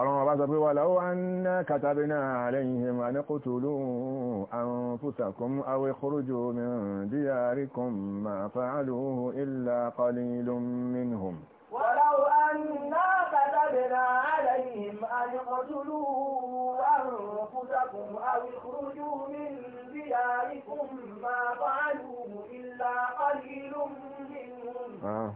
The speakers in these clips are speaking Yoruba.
ọlọ́run ọba sọ pé wà láwọ́ anna katabina alayhim an qutulu anfusakum aw ikhruju min diyarikum ma fa'aluhu illa qalilun minhum ولو أنا كتبنا عليهم أن اقتلوا أنفسكم أو اخرجوا من دياركم ما فعلوه إلا قليل منهم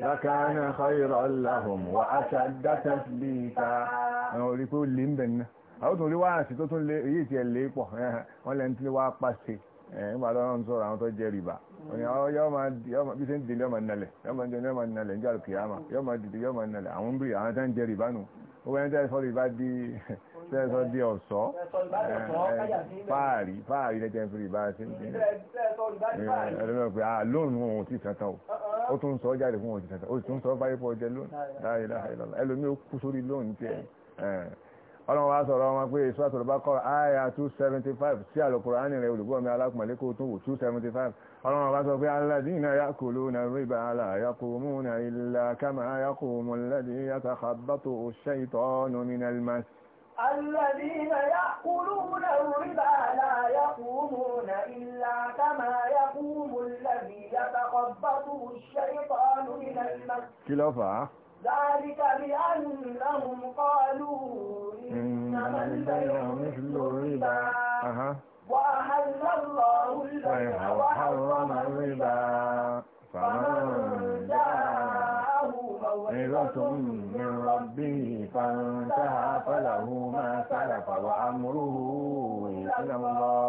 لكان خيرا لهم وأشد تثبيتا àwọn orí pé ó lè ń bẹ̀ ní àwọn tó rí wáàsí tó tún lé èyí tí ẹ lè pọ̀ wọ́n lẹ́ni tí wá pàṣẹ nígbà lọ́rọ̀ ń sọ̀rọ̀ àwọn tó jẹ́ rìbá bí ṣe ń dìlé ọmọ nalẹ̀ yọ́mọ jẹ́ yọ́mọ nalẹ̀ níjà lókè àmà yọ́mọ dìde yọ́mọ nalẹ̀ àwọn ń bí àwọn tó ń jẹ́ rìbá nù ó wẹ́n tẹ́ sọ rìbá di tẹ́ sọ di ọ̀sọ́ fáàrí fáàrí lẹ́jẹ̀ ń fi rìbá sí ẹ̀rọ pé àlóhùn ah, òun ti sàn tán o ó tún sọ jáde fún òjì tẹ̀tẹ̀ ó tún sọ báyé pọ̀ jẹ lónìí láàyè láàyè lọ́la ẹlòmí ó kú sórí lónìí tiẹ̀ ọlọ́run wa sọ̀rọ̀ ọmọ pé èso àtọ̀rọ̀ bá kọ́ àyà two seventy five sí àlùkùránì rẹ̀ olùgbọ́ mi alákùnmọ̀lé kó tún wò two seventy five ọlọ́run wa sọ pé alladhina ya'kuluna riba la yaqumuna illa kama yaqumu alladhi yatakhabbatu ash-shaytanu minal mas. alladhina ya'kuluna riba la yaqumuna illa kama الذي يتخبطه الشيطان من المس كلافة ذلك بأنهم قالوا إنما البيع مثل الربا وأحل الله البيع وحرم الربا فمن جاءه موعظة من ربه فانتهى فله ما سلف وأمره إلى الله